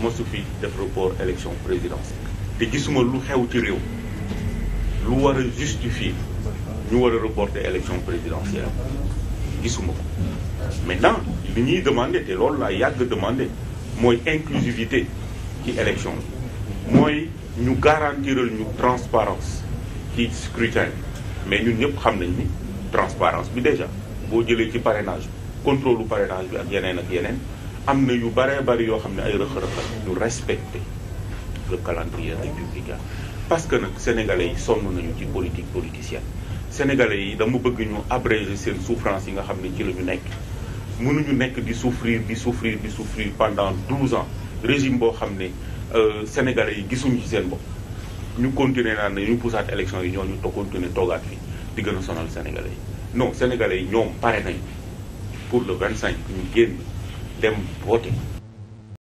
mosu fi def report élection présidentielle te gisuma lu xew ci réew lu war a justifier ñu war a reporter élection présidentielle gisuma ko mais maintenant li ñuy demandé te loolu laa yàgg demandé mooy inclusivité ci élection bi mooy ñu garantiral ñu transparence ci scrutin mais ñun ñëpp xam nañ ni transparence bi déjà boo jëlee ci parrainage bi contrôle parrainage bi ak yeneen ak yeneen am na yu bëree bëri yoo xam ne ay rëq-rëq ñu respecter le calendrier républicain parce que nag sénégalais yi sonn nañu ci politique politicienne sénégalais yi dama bëgg ñu abréger seen souffrance yi nga xam ne ci la ñu nekk mënuñu nekk di souffrir di souffrir di souffrir pendant douze ans régime boo xam ne euh, sénégalais yi gisuñu ci seen bopp ñu continuer naan ne ñu poussaat élection yi ñoo ñu continuer toogaat fi di gën a sonal sénégalais yi non sénégalais yi ñoom pare nañu le vingt cinq ñu génn dem voter